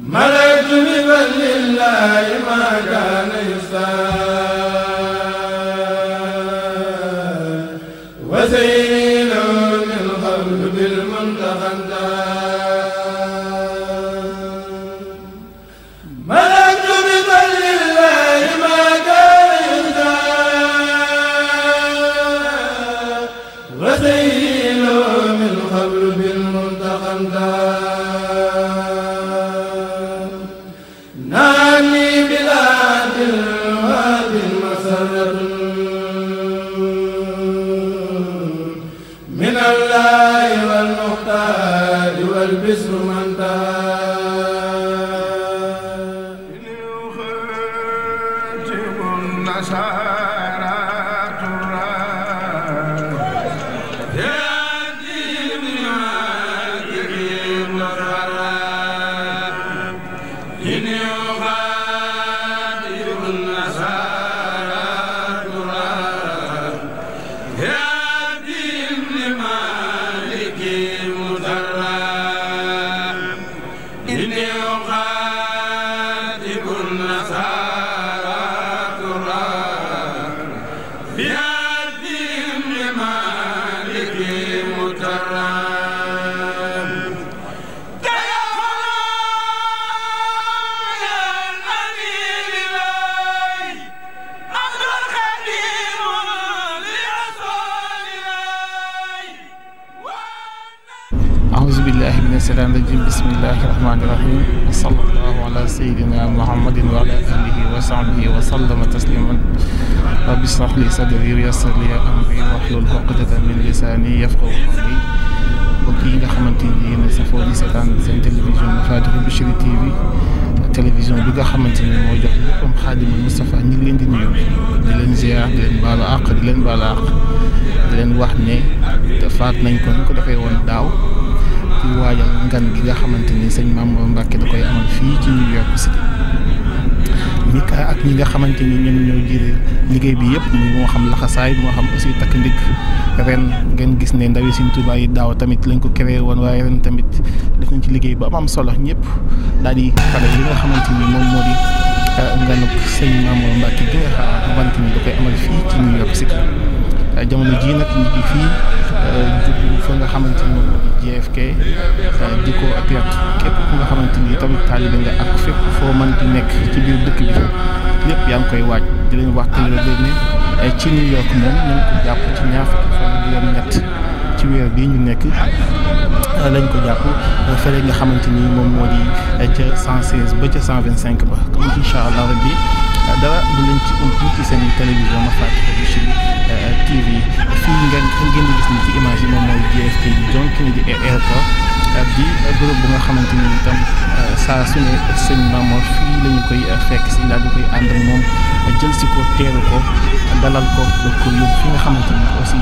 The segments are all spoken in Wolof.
ملكت ببل الله ما كان يسار rahmaani rahiim wa sallallahu ala sayyidina muhammadin wa ala alihi wa sahbihi wa sallama tasliman rabbi shrah li sadri wa yassir li amri wahlul uqdatan min lisani yafqahu qawli mbokk yi nga xamante ni yéen a safoo di seetaan seen télévision Mafatihoul Bichri TV télévision bi nga xamante ni moo jox comme Xaadimul Mustafa ñu ngi leen di nuyu di leen ziar di leen baalu àq di leen baalu àq di leen wax ne faat nañ ko ñu ko defee woon daaw. kuy waajal ngan gi nga xamante ni sëñ Mame Mor Mbacke da koy amal fii ci New York City ñi ka ak ñi nga xamante ni ñoom ñoo jiite liggéey bi yëpp moo xam laxasaay moo xam aussi takk ndig ren ngeen gis ne ndawi Sëñ Tuubaa yi daaw tamit lañ ko créé woon waaye ren tamit def nañ ci liggéey ba am solo ñëpp daal di pare nga xamante ni moom moo di eh, nganuk sëñ Mame bi Mbacke gi nga xamante da koy amal fii ci New York City Euh, jamono ji nag ñu ngi fii jublu euh, nga xamante ni moom JFK euh, di ko atlet képp ku nga xamante ni tamit taalibe nga ak fépp foo mën di nekk ci biir dëkk bi lépp yaa ngi koy waaj di leen wax tële la ci New York moom nañ ko jàpp ci ñaar fukki fan juróom ñett ci weer bii ñu nekk lañ ko jàpp fële nga xamante ni moom moo di ca 116 ba ca 125 ba comme incha allah rabbi dara du leen ci ump ci seen télévision ma fàtte ko ci TV fii ngeen ngeen di gis ni ci image yi moom mooy GFP donc ni di uh, groupe bu nga xamante ni itam uh, saa su ne sëñ Mamour fii la ñu koy uh, fekk si daal di koy ànd ak jël si ko teeru ko dalal ko daf ko yóbbu fi nga xamante ni aussi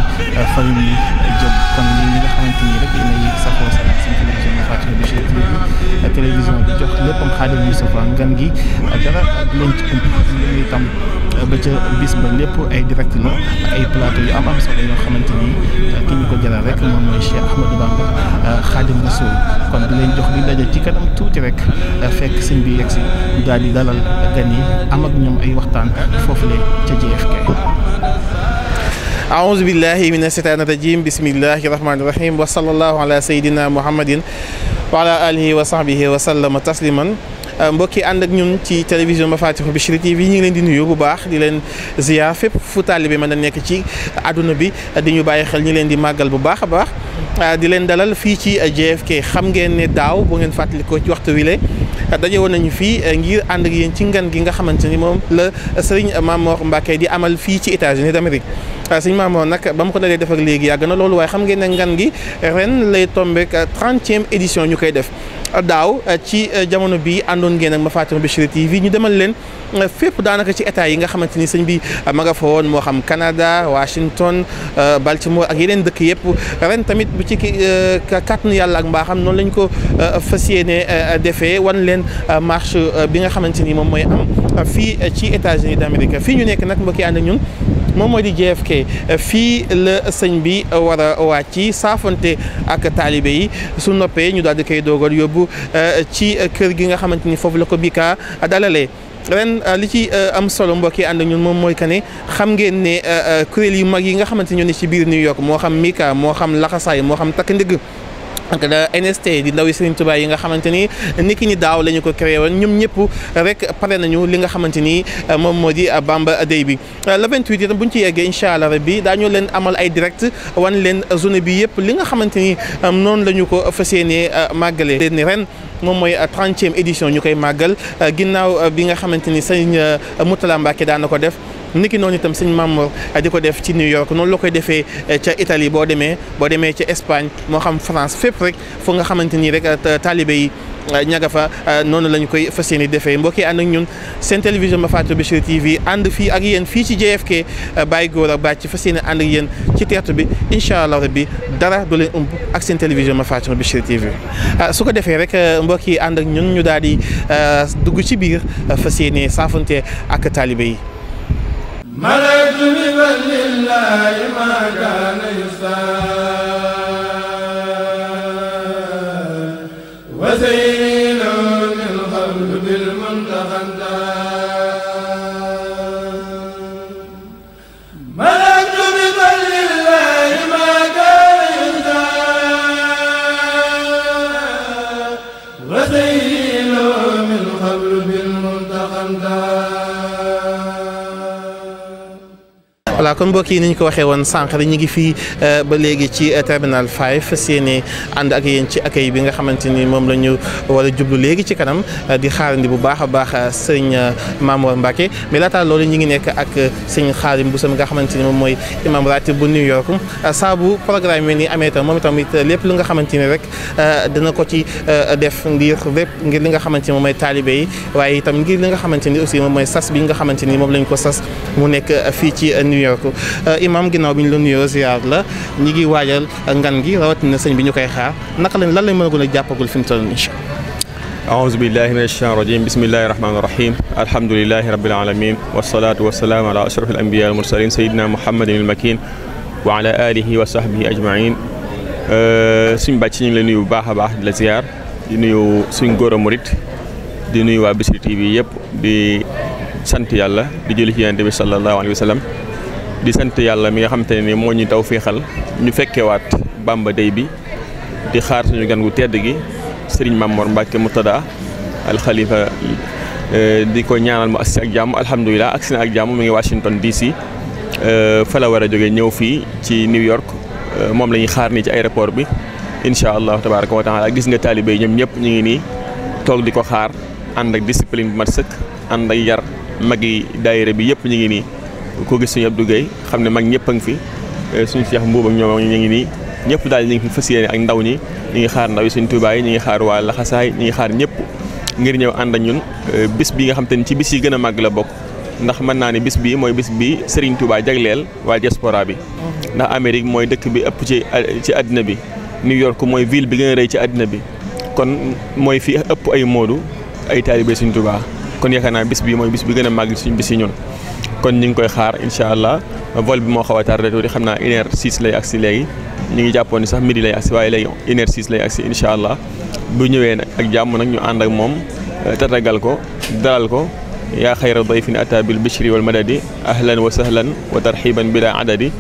fa la ñuy jëm kon ñi nga xamante ni rek yéen a ngi safoo seen seen télévision Fatou Bichri TV télévision bi jox léppam gi dara du leen itam ba ca bis ba lépp ay direct la ak ay plateau yu am am solo yoo ni euh, ki ñu ko jëlal rek moom mooy Cheikh Ahmadou Bamba Xaadim euh, Rasul kon di leen jox bi daje ci kanam tuuti rek euh, fekk sëñ bi yegg si dalal gan yi am ak ñoom ay waxtaan foofule ca JFK. aouzu billahi mina seytaani rajim bismillahi a rahim wa sallallahu ala sayyidina muhammadin wa ala alihi wa sahbihi wa tasliman Euh, mbokk yi ànd ak ñun ci télévision ba Fatihou Bichri TV ñu ngi leen di nuyu bu baax di leen ziar fépp fu taalibe mën a nekk ci àdduna bi di ñu bàyyi xel ñi leen di màggal bu baax a baax. Ah, di leen dalal fii ci eh, JFK xam ngeen ne daaw bu ngeen ko ci waxtu wile ah, daje woon nañu fii eh, ngir ànd ak yéen ci ngan gi nga xamante ni moom la eh, Serigne Mamor Mbacké di amal fii ci États-Unis d'Amérique ah, Serigne Mamor nag ba mu ko dalee def ak léegi yàgg na loolu waaye xam ngeen ne ngan gi ren lay tombé trentième édition ñu koy def daaw ci jamono bi andoon ngeen ak ma Fatima Bichri TV ñu demal leen fépp daanaka ci état yi nga xamante ni sëñ bi ma nga woon moo xam Canada Washington Baltimore ak yeneen dëkk yëpp ren tamit it bu ci euh, kàttanu yàlla ak mbaaxam noonu lañ ko euh, fas yéene euh, defee wan leen marche bi nga xamante ni moom mooy am ci États-Unis d'Amérique fii ñu nekk nag mbokki ànd ñun moom mooy di JFK fii la sëñ bi war a wàcc saafante ak taalibe yi su noppee ñu daal di koy doogal yóbbu ci kër gi nga xamante ni foofu la ko bika dalalee ren euh, li ci euh, am solo mbokk yi ànd ñun moom mooy que ne xam ngeen ne euh, kuréel yu mag yi nga xamante ñoo ne ci biir New York moo xam Mika moo xam Laxasaay moo xam takk ndigg NST di ndaw yi Serigne Touba yi nga xamante ni ki ñi daaw lañu ko créé woon ñoom ñëpp rek pare nañu li nga xamante ni euh, moom moo di euh, Bamba Day bi euh, le 28 itam bu ñu ci yeggee incha allah rabbi daañu leen amal ay direct wan leen zone bi yëpp li nga xamante ni noonu la ñu ko fas yéenee màggale ni ren moom mooy trentième édition ñu koy màggal ginnaaw bi nga xamante ni Serigne Moutala Mbacke daan ko def ki noonu itam sëñ Mamour eh, di ko def ci New York noonu loo koy defee eh, ca itali boo demee boo demee ca Espagne moo xam France fépp rek fu nga xamante nii rek eh, taalibe yi ñaga fa noonu lañu koy fas yéene defee mbokk yi ànd ak ñun seen télévision ba Fatou Bichri TV ànd fii ak yéen fii ci JFK bàyyi góor ak bàcc fas yéene ànd ak yéen ci teertu bi incha allah rabbi dara du leen ëmb ak seen télévision ba Fatou Bichri TV su ko defee rek mbokk yi ànd ak ñun ñu daal di dugg ci biir fas yéene saafante ak taalibe yi مرجم لله ما كان يسار allah kon mbokk yi ni ñu ko waxee woon sànq rek ñu ngi fii euh, ba léegi ci euh, terminal 5 seeni ànd ak yéen ci accueil bi nga xamante ni moom la ñu war a jublu léegi ci kanam euh, di xaarandi bu baax a baax sëñ Mamour Mbacke mais laata loolu ñu ngi nekk ak sëñ Xaadim Bousso mi nga xamante ni moom mooy imam ratib bu New York saa bu programme yi ni amee itam moom itamit lépp lu nga xamante ni rek dana ko ci def ngir lépp ngir li nga xamante ni moom mooy taalibe yi waaye itam ngir li nga xamante ni aussi moom mooy sas bi nga xamante ni moom lañ ko sas mu nekk fii ci New donc euh, imam ginnaaw bi ñu la nuyoo ziar la ñi ngi waajal ngan gi rawatina sëñ bi ñu koy xaar naka lañ lan lañ mën a gën a jàppagul fi mu toll nii ahousubillahi min asheytaan rajim bismillahi rahmaani rahim alhamdulilahi rabbil alamin wasalaatu wasalaamu ala ashraf al ambiya al mursalin sayidina muhammadin al makin wa ala alihi wa sahbihi ajmain euh, suñ bàcc ñu ngi la nuyu bu baax a baax di la ziar di nuyu suñ góor a murit di nuyu waa Bichri TV yëpp di sant yàlla di julli ci yonent bi sallallahu alayhi wa sallam di sant yàlla mi nga xam te ne moo ñu taw féexal ñu fekkee waat Bamba Day bi di xaar suñu gan gu tedd gi sëriñ Mamor Mbacke Moutada alxalifa euh, di ko ñaanal mu agsi ak jàmm alhamdulilah agsi na ak jàmm mi ngi Washington DC euh, fa la war a jógee ñëw fii ci New York euh, moom lañuy xaar nii ci aéroport bi incha allah tabaraka wa gis nga taalibe yi ñoom ñëpp ñu ngi nii toog di ko xaar ànd ak discipline bu mat sëkk ànd ak yar mag yi daayira bi yëpp ñu ngi nii. ko gis suñu Abdou Gueye xam ne mag ñëpp a ngi fi eh, suñu Cheikh Mbuuba ak ñoom ñu ngi nii ñëpp daal ñu ngi fas yéene ak ndaw ñi ñu ngi xaar ndaw yi suñu Tuubaa yi ñu ngi xaar waa Laxasaay ñu ngi xaar ñëpp ngir ñëw ànd ak ñun eh, bis bi nga xam te ni ci bis yi gën a màgg la bokk ndax mën naa ne bis bi mooy bis bi Serigne tubaa jagleel waa diaspora bi ndax Amérique mooy dëkk bi ëpp ci eh, ci àddina bi New York mooy ville bi gën a rëy ci àddina bi kon mooy fi ëpp ay moodu ay taalibe Serigne Touba kon yaakaar naa bis bi mooy bis bi gën a màgg suñ bis yi ñun kon ni ngi koy xaar incha allah vol bi moo xaw a tardé tuuti xam naa une heure six lay agsi léegi ñu ngi jàppoon ni sax midi lay agsi waaye léegi une heure six lay agsi incha allah bu ñëwee nag ak jàmm nag ñu ànd ak moom euh, tatagal ko dalal ko yaa a xayra dayfin ata bil bishri wal madadi ahlan wa sahlan wa tarxiban bila adadi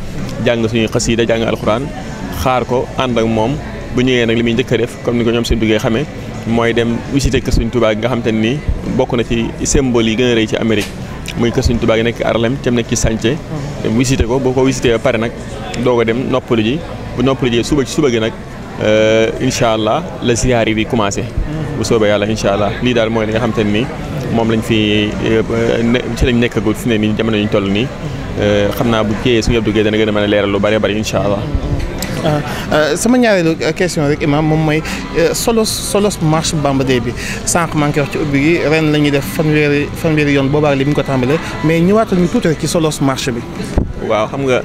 jàng suñuy xasiida jàng alquran xaar ko ànd ak moom bu ñëwee nag li muy njëkk def comme ni ko ñoom seen duggee xamee mooy dem visité kër Sëriñ Tuubaa gi nga xam te ni bokk na ci symbole yi gën a rëy ci Amérique muy kër Sëñ Tuubaa gi nekk Arlem tam nekk ci sànce dem mm-hmm. visité ko boo ko visité pare nag doog a dem noppalu ji bu nopp lu jee suba suba gi nag euh, incha allah la ziyaar yi di commencé mm-hmm. bu soobee yàlla incha allah lii daal mooy li nga xam te ne nii moom lañ fi euh, ci lañ nekkagul fi ne nii jamono ñu toll nii mm-hmm. euh, xam naa bu kiyee suñu Abdou Guèye dana gën a mën a leeral lu bari bari incha allah Euh, euh, sama ñaareelu euh, question rek imam moom mooy solos solos marche Bamba Day bi sànq maa ngi koy wax ci ubbi gi ren la ñuy def fanweeri fanweeri yoon boobaak li mu ko tàmbalee mais ñëwaatal ñu tuuti rek ci solos marche bi. waaw xam nga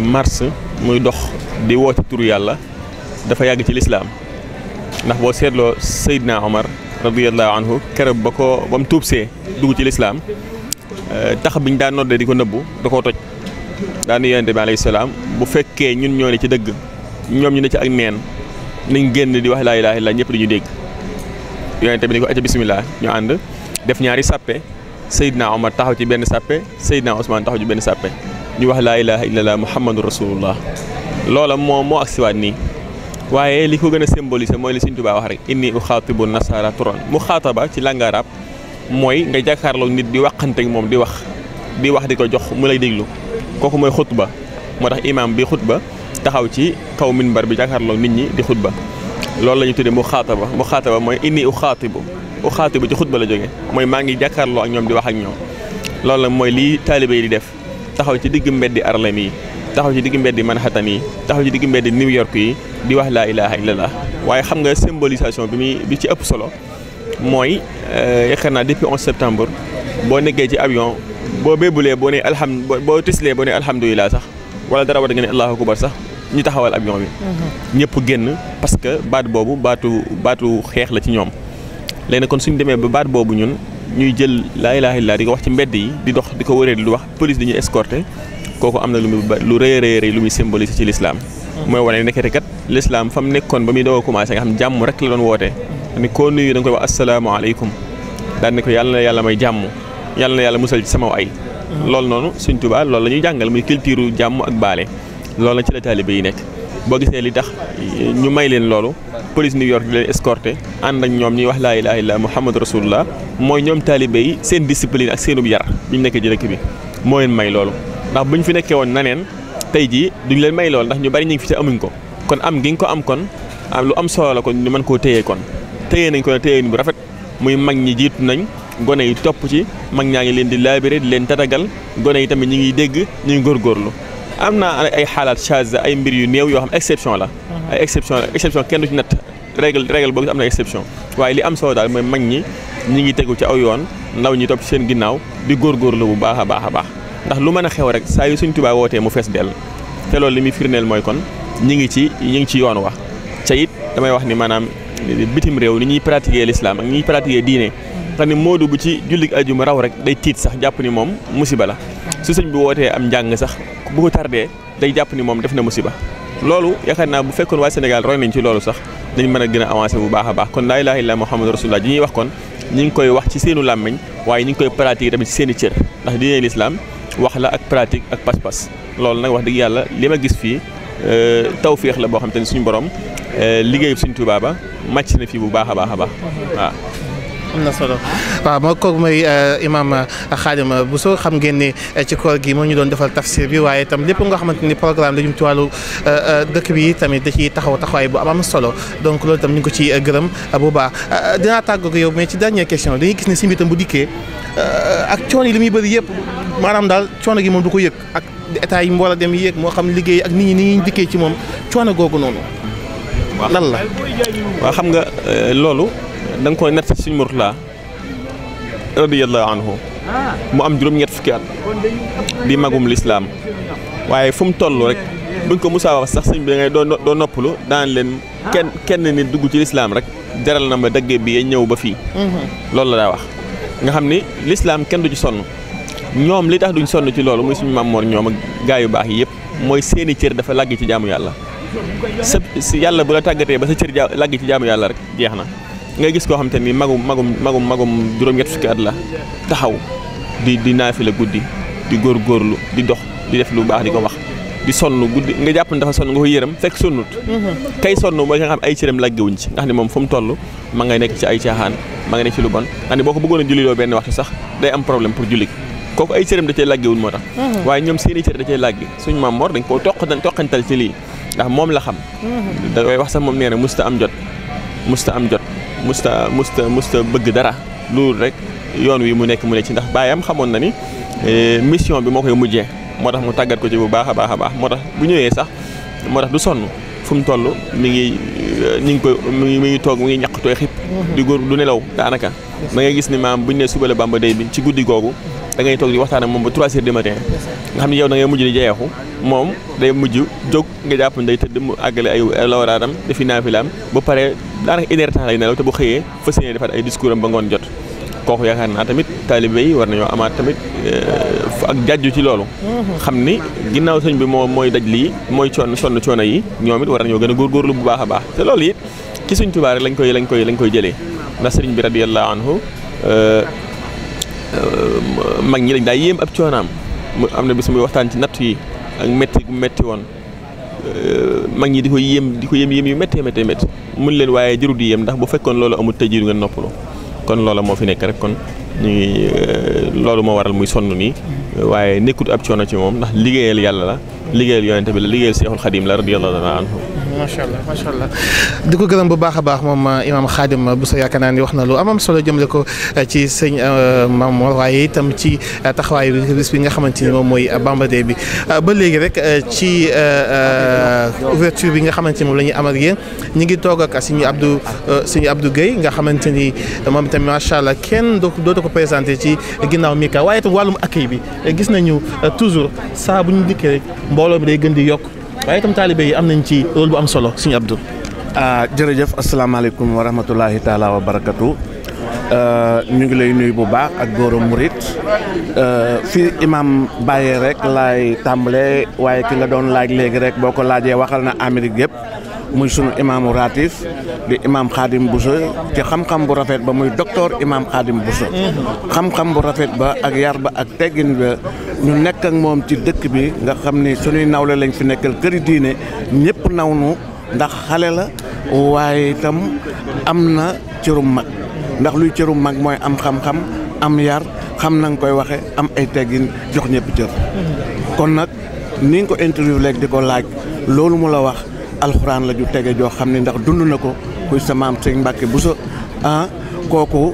marche muy dox di woo ci turu yàlla dafa yàgg ci lislaam ndax boo seetloo Seydina Omar radiyallahu anhu keroog ba ko bam mu tuubsee dugg ci lislaam tax biñ daan noddee di ko nëbbu da koo toj. daani yonente bi alayhi salaam bu fekkee ñun ñoo ne ci dëgg ñoom ñu ne ci ak neen nañ génn di wax laa ilaaha illa ñëpp dañu dégg yonente bi ni ko acca bisimilah ñu ànd def ñaari sàppe Seydina Omar taxaw ci benn sàppe Seydina Ousmane taxaw ci benn sàppe ñu wax laa ilaaha illallah muhammadu rasulullah loola moo moo ak siwaat nii waaye li ko gën a symboliser mooy li Sëñ Tuubaa wax rek inni uxaatibu nasara turan mu xaataba ci langue arabe mooy nga jàkkaarloog nit di waxanteeg moom di wax di wax di ko jox mu lay déglu kooku mooy xutba moo tax imaam bi xutba taxaw ci kaw minbar bi jàkkaarloo nit ñi di xutba loolu la ñu tuddee mu xaataba mu xaataba mooy inni u xaatibu u xaatibu ci xutba la jóge mooy maa ngi jàkkaarloo ak ñoom di wax ak ñoom loolu la mooy lii taalibe yi di def taxaw ci digg mbeddi Harlem yi taxaw ci digg mbeddi Manhattan yi taxaw ci digg mbeddi New York yi di wax laa ilaha illallah waaye xam nga symbolisation bi muy bi ci ëpp solo mooy euh, yaakaar naa depuis 11 septembre boo nekkee ci avion boo bébulee boo ne alham boo tislee boo ne alhamdulilah sax wala dara war nga ne allahu akbar sax ñu taxawal avion bi. Mhm. ñëpp génn parce que baat boobu baatu baatu xeex la ci ñoom. léegi kon suñu demee ba baat boobu ñun ñuy jël laa ilaaha laa di ko wax ci mbedd yi di dox di ko wëree di wax police ñu escorté kooku am na lu muy lu rëy a rëy lu muy symboliser ci lislaam mhm. mooy wane nekkati kat lislaam fa mu nekkoon ba muy doog a commencé nga xam jàmm rek la doon da wax asalaamaaleykum daan ne ko yàlla yàlla may jàmm. yàlla na yàlla musal ci sama ay loolu noonu Sëñ Tuubaa lool la ñuy jàngal muy culture jàmm ak baale loolu la ci la taalibe yi nekk boo gisee li tax ñu may leen loolu police New York di leen escorté ànd ak ñoom ñuy wax laa ilaaha illa Muhammad rasulullah mooy ñoom taalibe yi seen discipline ak seenub yar bi ñu nekkee ci dëkk bi moo leen may loolu ndax bu ñu fi nekkee woon naneen tey jii duñ leen may loolu ndax ñu bari ñu ngi fi ci amuñ ko kon am gi ko am kon lu am solo la kon ñu mën koo téye kon téye nañ ko téye bu rafet muy mag ñi jiitu nañ gone yi topp ci mag ñaa ngi leen di laabire di leen tatagal gone yi tamit ñu ngi dégg ñu ngi góorgóorlu am naa ay xalaat chage ay mbir yu néew yoo xam exception la mhm. ay exception la exception kenn du ci natt règle boo boobu am na exception waaye li am solo daal mooy mag ñi ñi ngi tegu ci aw yoon ndaw ñi topp ci seen ginnaaw di góor góorlu bu baax a baax a baax ndax lu mën a xew rek saa yu Sëñ Tuubaa wootee mu fees dell te loolu li muy firndeel mooy kon ñi ngi ci ñi ngi ci yoon wax ca it damay wax ni maanaam bitim réew ni ñuy pratiquer l'islam ak ñi ñuy pratiquer diine te ni moodu bu ci julli jullit ajuma raw rek day tiit sax jàpp ni moom musiba la su sëñ bi wootee am njàng sax bu ko tardee day jàpp ni moom def na musiba loolu yaakaar naa bu fekkoon waa Sénégal roy nañ ci loolu sax dañ mën a gën a avancé bu baax a baax kon laa ilaaha illa Muhammadu rasulullah ji ñuy wax kon ñi ngi koy wax ci seenu làmmiñ waaye ñi ngi koy pratique tamit ci seeni cër ndax lislaam wax la ak pratique ak pas-pas loolu nag wax dëgg yàlla li ma gis fii euh, tawféex la boo xam te ne suñu borom euh, liggéeyub suñ Tuubaa ba màcc na fii bu baax a baax a baax am na solo waaw moo kooku mooy euh, imaam Xaadim euh, Bousso xam ngeen ni euh, ci koor gi moo ñu doon defal tafsir bi waaye itam lépp nga xamante ni programme la jëm ci wàllu dëkk bi tamit da ciy taxaw taxawaay bu am am solo donc loolu tam ñu ngi ko ci gërëm bu baax dinaa tàggoog yow mais ci dernière question dañuy gis ne si mbitam bu dikkee ak coono yi li muy bëri yëpp maanaam daal coono gi moom du ko yëg ak état yi mu a dem yéeg moo xam liggéey ak nit ñi ni ñuy dikkee ci moom coono googu noonu lan la waaw xam nga loolu da nga koy nett suñ Murtala radiyallahu anhu ah. mu am juróom-ñett fukki at di magum lislaam waaye fu mu toll rek buñ ko musaa wax sax sëñ bi dangay ngay doo noppalu daan leen ah. kenn kenn nit dugg ci lislaam rek jaral na ma daggee bi ñëw ba fii mhm. loolu la daa wax nga xam ni lislaam kenn du ci sonn ñoom li tax duñ sonn ci loolu muy suñu màmmoor ñoom ak gaa yu baax yi yëpp mooy seeni cër dafa làgg ci jaamu yàlla sa si yàlla bu la tàggatee ba sa cër làgg ci jaamu yàlla rek jeex na nga gis koo xam te ni magum magum magum magum juróom-ñett fukki at la taxaw di di naafi la guddi di góor góorgóorlu di dox di def lu baax di ko wax di sonn guddi nga jàpp ne dafa sonn nga ko yërëm fekk sonnut mhm. kay sonn mooy nga xam ay cëram laggewuñ ci nga ne moom fu mu toll ma ngay nekk ci ay caaxaan ma nga nekk ci lu bon xam boo ko a julliloo benn waxtu sax day am problème pour julli kooku ay cëram da cee laggewuñ moo tax mhm. waaye ñoom seen i cër da cee laggi suñu maam Mor dañ koo toq toqantal ci lii ndax moom la xam mhm. da wax sax moom nee na musta am jot musta am jot musta musta musta bëgg dara loolu rek yoon wi mu nekk mu ne ci ndax baayam xamoon na ni eh, mission bi moo koy mujjee moo tax mu tàggat ko ci bu baax a baax a baax moo tax bu ñëwee sax moo tax du sonn fu mu toll mi ngi eh, ñu ngi koy mi ngi toog mu ngi ñàqtooy xib. Mhm. di góor du nelaw daanaka. da ngay gis ni maam bu ñu nee suba la Bamba day bi ci guddi googu. dangay toog di waxtaan moom ba 3 heures du matin nga xam ne yow da ngay mujj di jeexu moom day mujj jóg nga jàpp ndey te dem mu àggale ay lawraadam defi naafilaam ba pare daanaka une heure tax lay nelaw te bu xëyee fas yéene defaat ay discours am ba ngoon jot kooku yaakaar naa tamit taalibe yi war nañoo amaat tamit euh, ak jàjju ci loolu. Mhm. xam ni ginnaaw sëñ bi moo mooy daj lii mooy coon sonn coono yi ñoom it war nañoo gën a góorgóorlu bu baax a baax te loolu it ci Sëñ Tuubaa rek koy lañ koy lañ koy jëlee ndax sëriñ bi radiyallaahu anhu euh, mag ñi lañ daay yéem ab coonaam mu am na bis muy waxtaan ci natt yi ak métti gu métti woon euh, mag ñi di ko yéem di ko yéem yéem yu méttee méttee métti mun leen waaye jëru di yéem ndax bu fekkoon loolu amul tëj du ngeen noppalu kon loola moo fi nekk rek kon ñu euh, loolu moo waral muy sonn nii waaye nekkut ab coono ci moom ndax liggéeyal yàlla la liggéeyal yonente bi la liggéeyal seexul xadim la radiyallahu anhu macha allah macha allah di ko gërëm bu baax a baax moom euh, imaam Xaadim Bousso yaakaar naa ni wax na lu amam solo jëmale ko euh, ci sëñ euh, Mamour waaye itam ci taxawaay bi bis bi nga xamante ni moom mooy Bamba bi ba léegi rek ci ouverture bi nga xamante ni moom la ñuy amal yéen ngi toog ak suñu Abdou suñu Abdou Guèye nga xamante ni moom itam macha allah kenn doo dootu ko présenté ci ginnaaw Mika waaye itam wàllum accueil bi gis nañu toujours saa bu ñu dikkee rek mbooloo bi day gën di yokk. waaye itam taalibe yi am nañ ci rôle bu am solo sëñ Abdou. Ah, jërëjëf asalaamaaleykum wa rahmatulahi taala wa barakatu ah, ñu ngi lay nuyu bu baax ak góoru murit ah, fii imam Baye rek laay tàmbalee waaye ki nga doon laaj léegi rek boo ko laajee waxal na Amérique yëpp muy sunu imaamu ratif di imaam xaadim Bousso ci xam-xam bu rafet ba muy docteur imaam xaadim Bousso xam-xam bu rafet ba ak yar ba ak teggin ba ñu nekk ak moom ci dëkk bi nga xam ni sunuy nawle lañ fi nekkal këri diine ñëpp naw nu ndax xale la waaye itam am na cërum mag ndax luy cërum mag mooy am xam-xam am yar xam na koy waxe am ay teggin jox ñëpp cër mm-hmm. kon nag ni nga ko interview léegi di ko laaj loolu mu la wax alxuraan la ju tege joo xam ne ndax dund na ko kuy sa maam sëñ bu Buso ah kooku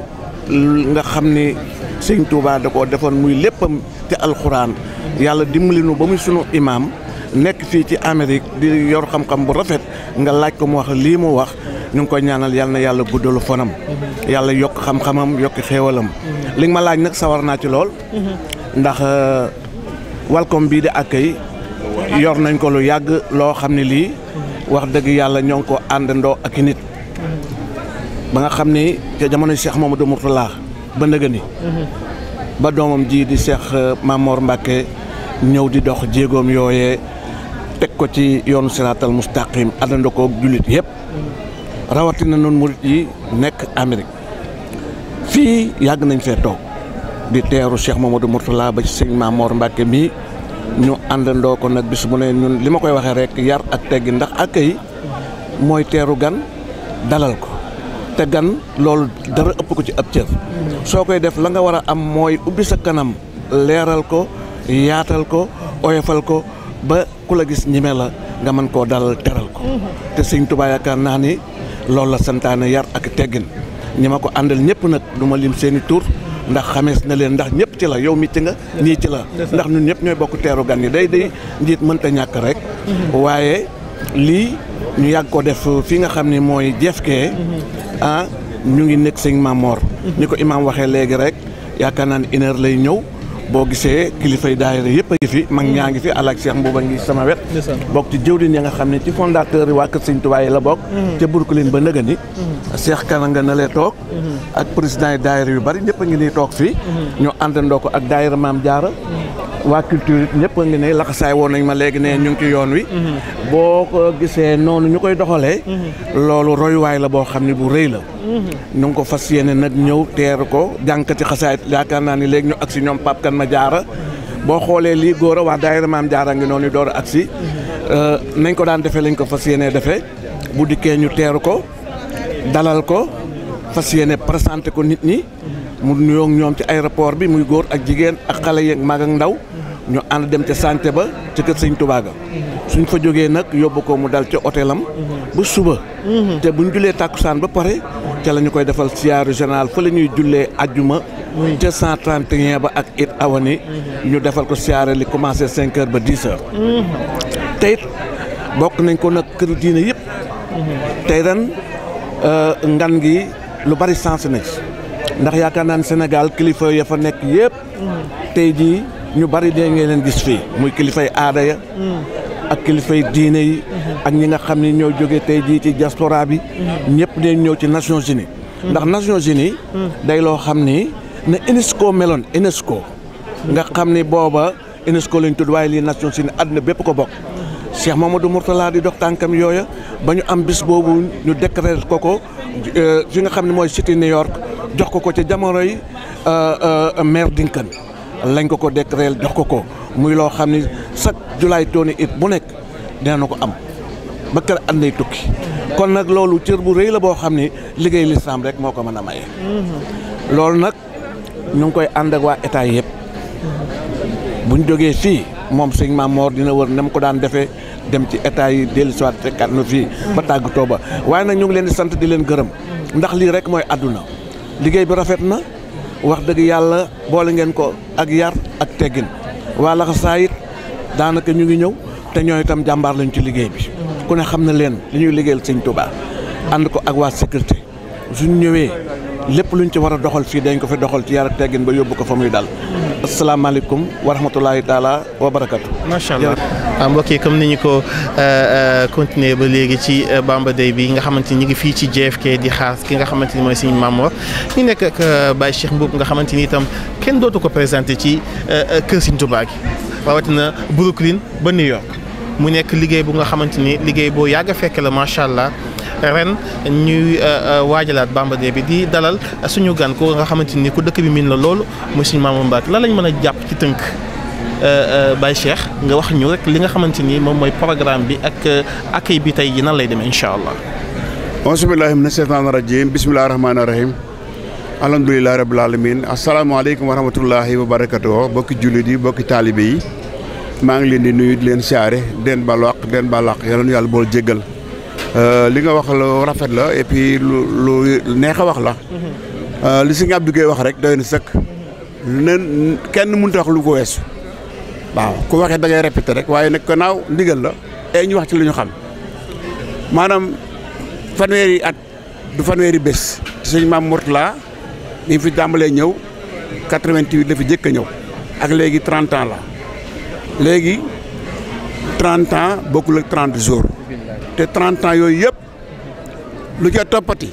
nga xam ni sëñ Touba koo defoon muy léppam ci alxuraan yàlla dimbali nu ba muy sunu imaam nekk fii ci Amérique di yor xam-xam bu rafet nga laaj ko mu wax lii mu wax ñu ngi koy ñaanal yal na yàlla guddalu fanam. yàlla yokk xam-xamam yokk xéewalam. li ma laaj nag sawar naa ci lool. ndax uh, welcome bii di accueil yor nañ ko lu yàgg loo xam ne lii. wax dëgg yàlla ñoo ngi ko àndandoo ak i nit ba nga xam ni ca seex Cheikh Mamadou Mourtala ba ndëgëni ba doomam ji di Cheikh euh, Mamor Mbacke ñëw di dox jéegoom yooyee teg ko ci yoonu siraatal mustaqim àndandoo ko jullit yëpp rawatina noonu murit yi nekk Amérique fii yàgg nañ fee toog di teeru Cheikh Mamadou Mourtala ba ci sëñ Mamor Mbacke mii ñu àndandoo ko nag bis bu ne ñun li ma koy waxee rek yar ak teggi ndax ak accueil mooy teeru gan dalal ko te gan loolu dara ëpp ko ci ab cër soo koy def la nga war a am mooy ubbi sa kanam leeral ko yaatal ko oyofal ko ba ku la gis ñime la nga mën koo dalal teral ko te sëñ Tuubaa yaakaar naa ni loolu la santaane yar ak teggin ñi ma ko àndal ñëpp nag duma ma lim seeni tur ndax xamees na leen ndax ñëpp ci la yow mi ci nga ñii ci la ndax ñun ñëpp ñooy bokk teeru gan yi day day njiit mënta ñàkk rek waaye lii ñu yàgg ko def fi nga xam ni mooy jefkee ah ñu ngi nekk sëñ Mamor. ñu ko imaam waxee léegi rek yaakaar naa ne une lay ñëw boo gisee kilifay daayira yëpp a ngi fi mag ñaa ngi fi alaaj Cheikh Mbouba ngi sama wet bokk ci jëwriñ ya nga xam ne ci fondateur yi waa Kër Sëñ Tuubaa la bokk mhm. ca Brooklyn ba nëgëni mhm. Cheikh Kananga na lee toog mhm. ak président yi daayira yu bari ñëpp a ngi nii toog fii ñu àndandoo ko ak daayira Maam Jaara waa culture it ñëpp a ngi ne laxasaay woon nañ ma léegi ne ñu ngi ci yoon wi. boo ko gisee noonu ñu koy doxalee. loolu royuwaay la boo xam ne bu rëy la. ñu ko fas yéene nag ñëw teer ko jànkati xasaayit yaakaar naa ni léegi ñu agsi ñoom Pape Kane ma jaara boo xoolee lii góor a wax daayira maam jaara ngi noonu door a agsi euh, nañ ko daan defee lañ ko fas yéene defee bu dikkee ñu teeru ko dalal ko fas yéene présenté ko nit ñi. mu nuyoo ñoom ci aéroport bi muy góor ak jigéen ak xale yeeg mag ndaw ñu ànd dem ca santé ba ca kër sañ Tuubaa suñ fa jógee nag yóbbu ko mu dal ca hôtelam ba suba te buñ julee tàkkusaan ba pare ca la ñu koy defal siyaaru général fa la ñuy jullee ajjuma ca cent trente et ba ak it awani ñu defal ko siyaare li commencé cinq heures ba dix heures bokk nañ ko nag këru diine yëpp tey ren euh, ngan gi lu bari sens na ci ndax yaakaar naa ne Sénégal kilifa ya fa nekk yëpp. tey jii ñu bari dee ngeen leen gis fii muy kilifay aada ya ak kilifay diine yi. ak ñi nga xam ne ñoo jóge tey jii ci diaspora bi. ñëpp dee ñëw ci Nations Unies. ndax Nations Unies. day loo xam ni na UNESCO meloon UNESCO. nga xam ni booba UNESCO lañ tudd waaye lii Nations Unies àdduna bépp ko bokk. Cheikh Mamadou Mourtala di dox tànkam yooya ba ñu am bis boobu ñu décréter ko ko euh, fi nga xam ne mooy cité New jox ko ko ci jamonoy yi euh, euh, maire Dinkane lañ ko ko décréter jox ko ko muy loo xam ni chaque julaay tooni it bu nekk dina na ko am ba kër at nay tukki kon nag loolu cër bu rëy la boo xam ni liggéey lislaam rek moo ko mën a maye. Mm-hmm. loolu nag ñu ngi koy ànd ak waa état yëpp buñ jógee fii moom sëñ Maam Moor dina wër ne ko daan defee dem ci état yi dellu si waat fekkaat na fii. ba tàggatoo ba waaye nag ñu ngi leen di sant di leen gërëm. ndax lii rek mooy àdduna. liggéey bi rafet na wax dëgg yàlla boole ngeen ko ak yar ak teggin waa laxasaa it daanaka ñu ngi ñëw te ñooy itam jàmbaar lañu ci liggéey bi ku ne xam na leen li ñuy liggéeyal sëñ tubaa ànd ko ak waa sécurité suñ ñëwee lépp luñ ci war a doxal fii dañ ko fi doxal ci yar ak teggin ba yóbbu ko fa muy dal asalaamaaleykum wa rahmatulahi taala wa barakatu macha allah Ah, mbokk yi comme ni ñu ko euh, euh, continuer ba léegi ci euh, Bamba Day bi nga xamante ni ñu ngi fii ci jeef JFK di xaar ki nga xamante ni mooy suñu Mamor ñu nekk ak Baye Cheikh Mboup nga xamante ni itam kenn dootu ko présenté ci kër Sëriñ Tuubaa gi rawatina Brooklyn ba New York mu nekk liggéey bu nga xamante ni liggéey boo yàgg a fekk la macha allah. ren ñuy waajalaat Bamba Day bi di dalal suñu gan ko nga xamante ni ku dëkk bi miin la loolu muy suñu Mamor Mbacke lan lañ mën a jàpp ci tënk. Euh, euh, Baye Cheikh nga wax ñu rek li nga xamante ni moom mooy programme bi ak euh, accueil bi tey ji nan lay demee incha allah. auzu billaahi mina seytaani rajiim bismillaahi rahmaani rahiim alhamdulilah rabil alamin asalaamaaleykum wa rahmatullahi wa barakatuh bokki jullit yi bokki taalibe yi maa ngi leen di nuyu di leen siyaare den ba laq den ba laq yàlla nu yàlla bool jéggal li nga wax lu rafet la et lu lu neex a wax la mhm. li si nga Abdou Gueye wax rek doy na sëkk nen kenn mun a lu ko waaw ku waxee da ngay répété rek waaye nag gannaaw ndigal la e ñu wax ci lu ñu xam maanaam fanweeri at du fanweeri bés sëñ maam Mourtala li ñu fi tàmbalee ñëw 88 la fi jëkk a ñëw ak léegi 30 la léegi 30 ans bokkul ak 30 jours te 30 yooyu yëpp lu ca toppati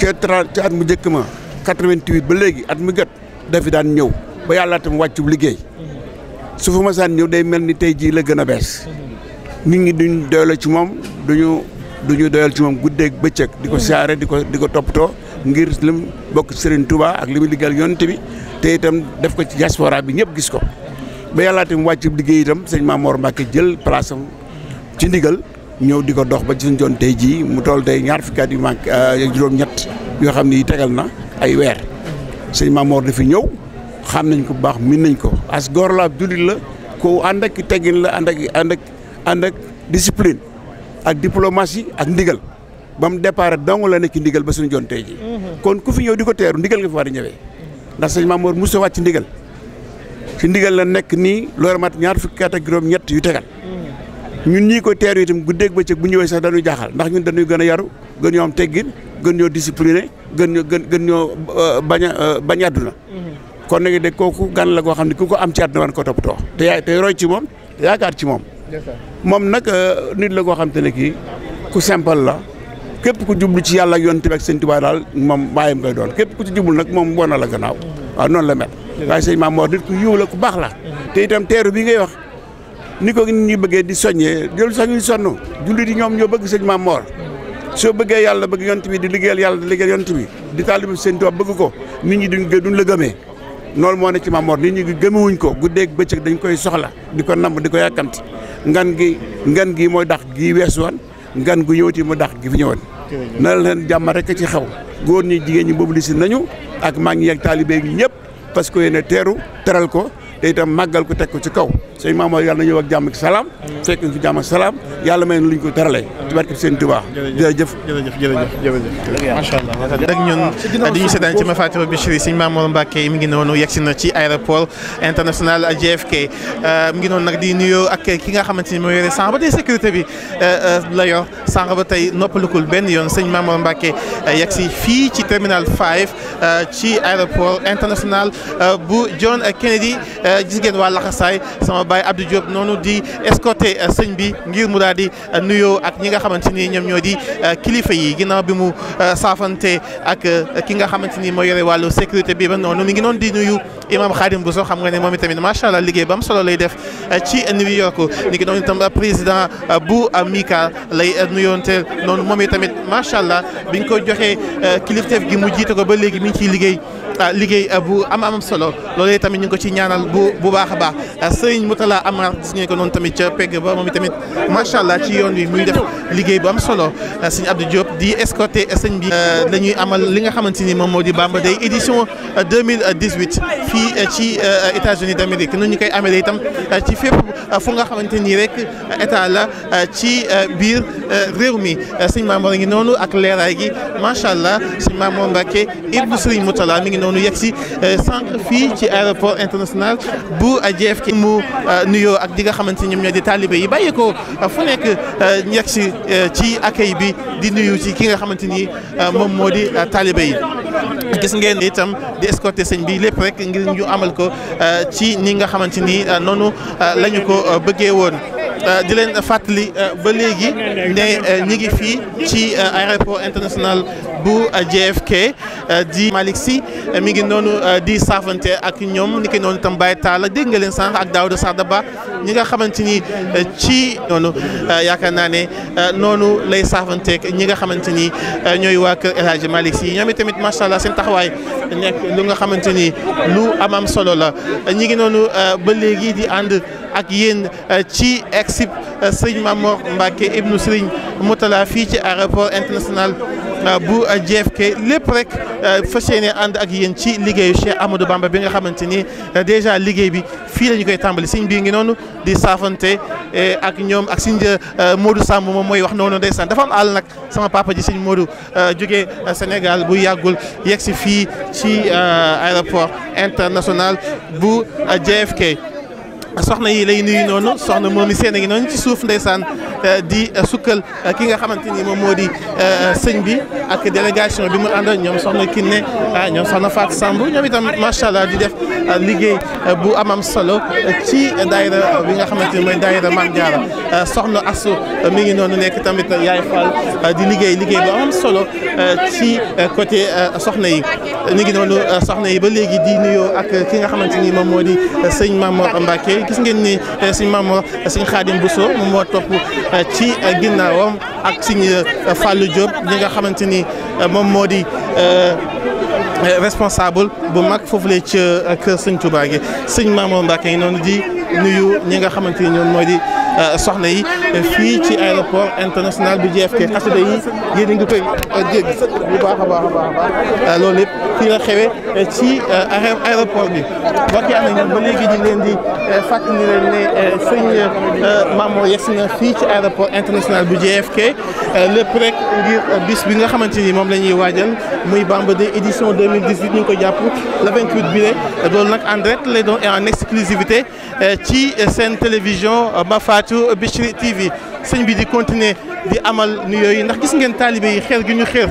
ce ca ca at mu njëkk ma 88 ba léegi at mu gët dafi daan ñëw ba yàlla tam wàccu liggéey su fa saan ñëw day mel ni tey jii la gën a bees nit ñi duñ doyal ci moom duñu duñu doyal ci moom guddeeg bëccëg di ko mm-hmm. siyaare di ko di ko toppatoo ngir lim bokk Serigne tubaa ak li mu liggéeyal yonent bi te itam def ko ci diaspora bi ñëpp gis ko ba yàllaa mu wàcc liggéey itam sëñ Mamour Mbacke jël place ci ndigal ñëw di ko dox ba ci suñu joon tey jii mu toll tey ñaar fukki at yu manqué euh, juróom-ñett yoo xam ni tegal na ay weer sëñ Mamour dafi ñëw xam nañ ko bu baax min nañ ko as góor la ab jullit la ko ànd ak teggin la ànd ak ànd ak ànd ak discipline ak diplomatie ak ndigal ba mu départ dong la nekk ndigal ba suñu jontee ji mhm. kon ku fi ñëw di ko teeru ndigal nga fi war a ñëwee ndax sëñ Mamour Moussa wàcc ndigal ci ndigal la nekk nii loolu mat ñaar fukki at ak ñett yu tegal mhm. ñun ñii ko teeru itam ba bëccëg bu ñëwee sax dañuy jaaxal ndax ñun dañuy gën a yaru gën ñoo am teggin gën ñoo discipliné gën ñoo gën gën ñoo euh, bañ a euh, kon nag de kooku gan la goo xam ne ku ko am ci àdduna war ko toppatoo te yaay te roy ci moom te yaakaar ci moom. moom nag euh, nit la goo xam te ne kii ku simple la képp ku jublu ci yàlla ak yonent bi ak sëñ daal moom bàyyam koy doon képp ku ci jublu nag moom woon na la gannaaw waaw noonu la mel. waaye sëñ Maam nit ku yiw la ku baax la. te itam teeru bi ngay wax. ni ko nit ñi bëggee di soññee jël sax ñuy sonn jullit yi ñoom ñoo bëgg sëñ Maam soo bëggee yàlla bëgg yont bi di liggéeyal yàlla di liggéeyal yont di taalibu sëñ Tuubaa bëgg ko nit ñi duñ duñ la gëmee loolu moo ne ci Mamor ñu ñi gëmewuñ ko guddeeg bëccëg dañ koy soxla di ko namb di ko yàkkamti ngan gi ngan gi mooy dax gi weesu wan ngan gu ñëwati mu dax gi fi ñëwoon na leen jàmm rek ci xew góor ñi jigéen ñi mobilisé nañu ak maa ngi yeeg taalibe yi ñëpp parce que yéen a teeru teral ko te itam màggal ko teg ko ci kaw sëñ Mamoor yàlla na ñëw ak jàmm ak salaam fekk ñu fi jàmm ak salaam yàlla may luñ ko terale ci barke seen Tuubaa jërëjëf jërëjëf jërëjëf jërëjëf macha allah dag ñun di ñu seetaan ci Mafatihul Bichri sëñ Mamoor Mbàkke mi ngi noonu yegsi na ci aéroport international JFK euh, mi ngi noonu nag di nuyoo ak ki nga xamante ni moo yore sànq ba tey sécurité bi euh, euh, la yor sànq ba tey noppalukul benn yoon sëñ Mamoor Mbàkke yegsi fii ci terminal 5 ci aéroport international bu John Kennedy gis ngeen waa laxasaay sama baay Abdou Diop noonu di escorté euh, sëñ bi ngir mu daal di euh, nuyoo ak ñi nga xamante ni ñoom ñoo di euh, kilifa yi ginnaaw bi mu saafante ak ki nga xamante ni moo yore wàllu sécurité bi ba noonu mi ngi noonu di nuyu imam Khadim Bousso xam nga ne moom itamit macha allah liggéey ba am solo lay def ci New York ni ngi noonu itam président bu Mika lay nuyoonte noonu moom itamit macha allah biñ ko joxee kilifteef gi mu jiite ko ba léegi mi ngi ciy liggéey. liggéey euh, bu am am solo loolu tamit ñu ngi ko ci ñaanal bu bu baax a baax euh, sëriñ Moutala Amar gis ngeen ko noonu tamit ca pegg ba moom tamit macha allah ci yoon wi muy def liggéey bu am solo euh, sëñ Abdou Diop di escorté sëñ bi la ñuy amal li nga xamante ni moom moo di Bamba Day édition 2018 fii ci États-Unis d'Amérique nu ñu koy amalee itam ci fépp fu nga xamante ni rek état la ci biir réew mi sëñ Mamour ngi noonu ak leeraay gi macha allah sëñ Mamour Mbacke ibnu sëriñ Moutala mi ngi noonu noonu yegg si euh, sànq fii ci aéroport international bu ci mu euh, nuyoo ak di nga xamante ñoom ñoo di taaliba yi bàyyi ko euh, fu nekk yegg si ci accueil bi di nuyu ci ki nga xamante ni moom moo di taalibe yi. gis ngeen di itam di escorter sëñ bi lépp rek ngir ñu amal ko ci ni nga xamante ni noonu lañu ko bëggee woon. Euh, di leen fàttali euh, ba léegi ne euh, ñi ngi fii ci aéroport international bu JFK di Malick si mi ngi noonu di saafante ak ñoom ni ki noonu itam Baye Talla dégg nga leen sànq ak Daouda Sardaba ñi nga xamante ni euh, ci noonu euh, yaakaar naa ne euh, noonu lay saafanteeg ñi nga xamante ni ñooy waa kër El Hadj Malick Sy ñoom itamit macha allah seen taxawaay nekk lu nga xamante ni lu amam solo la ñi ngi noonu ba léegi di ànd ak yéen ci exib sëñ Mamor Mbacke ibnu Sëriñ Moutala fii ci aéroport international. bu euh, JFK lépp rek euh, fas yéene ànd ak yéen ci liggéeyu amado Amadou Bamba bi nga xamante ni euh, déjà liggéey bi fii la ñu koy tàmbali siñ bii ngi noonu di saafante ak ñoom ak sëñ Modou Samb moom mooy wax noonu ndeysaan dafa am àll nag sama papa ji sëñ Modou jógee Sénégal bu yàggul yegg si fii ci aéroport international bu JFK. Ah, soxna yi lay nuyu noonu soxna moom i seen a ngi noonu ci suuf ndeysaan euh, di euh, sukkal euh, ki nga xamante ni moom moo di sëñ bi ak délégation bi mu àndal ñoom soxna Kiné ah, ñoom soxna faat Samb ñoom itam macha allah di def liggéey bu amam solo ci daayira bi nga xamante ni mooy daayira Mame Diarra soxna Asou mi ngi noonu nekk tamit yaay Fall di liggéey liggéey bu amam solo ci côté soxna yi. ñu ngi noonu euh, soxna yi ba léegi di nuyoo ak ki nga xamante ni moom moo di euh, sëñ Mamor Mbacke gis ngeen ni euh, sëñ Mamor sëñ Khadim Bousso moom moo topp ci ginnaawam ak sëñ Fallou Diop ñi nga xamante ni moom moo di responsable bu mag foofulee ca kër sëñ Touba gi sëñ Mamor Mbacke noonu di nuyu ñi nga xamante ni ñoom moo di. Euh, soxna yi fii ci aéroport international bu JFK xasida yi yéen a ngi koy euh, dégg a a baax euh, loolu lépp fii la xewee ci aéroport bi mbokk yi am nañu ba léegi ñu leen di fàttali leen ne sëñ Mamo yegg na fii ci aéroport international bu JFK lépp rek ngir bis bi nga xamante ni moom la ñuy waajal muy Bamba de édition 2018 ñu ngi ko jàpp le 28 loolu nag en direct lay doon et en exclusivité ci seen télévision Mafat internetu Bichri TV sëñ bi di continuer di amal nu yooyu ndax gis ngeen taalibe yi xeer gi ñu xeer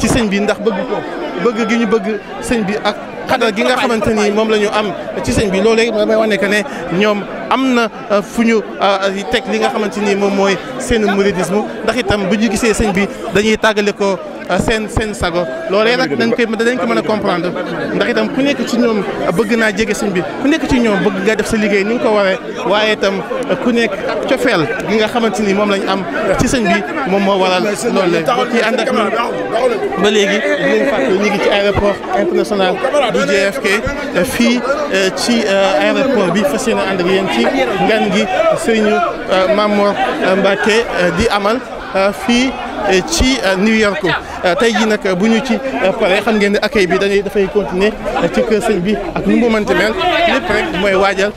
ci sëñ bi ndax bëgg ko bëgg gi ñu bëgg sëñ bi ak xadar gi nga xamante ni moom la ñu am ci sëñ bi loolee damay wane que ne ñoom am na euh, fu ñu euh, tek li nga xamante ni moom mooy seen mouridisme ndax itam bu ñu gisee sëñ bi dañuy tàggale ko Euh, seen seen sago loolee nag dañ koy dañ ko mën a comprendre ndax itam ku nekk ci ñoom bëgg naa jege sëñ bi ku nekk ci ñoom bëgg nga def sa liggéey ni nga ko waree waaye itam euh, ku nekk cofeel gi nga xamante ni moom lañu am ci sëñ bi moom moo waral loolu la bokk yi ànd ak ñun ba léegi dinañ fàttali ñu ngi ci aéroport international du JFK euh, fii ci aéroport bi fas yéene ànd ak yéen ci ngan gi sëriñu Mamour Mbacké di amal Euh, fii euh, ci euh, New York tey jii nag bu ñu ci pare xam ngeen ne accueil bi dañuy dafay continuer ci kër sëñ bi ak nu mu mënti mel lépp rek mooy waajal.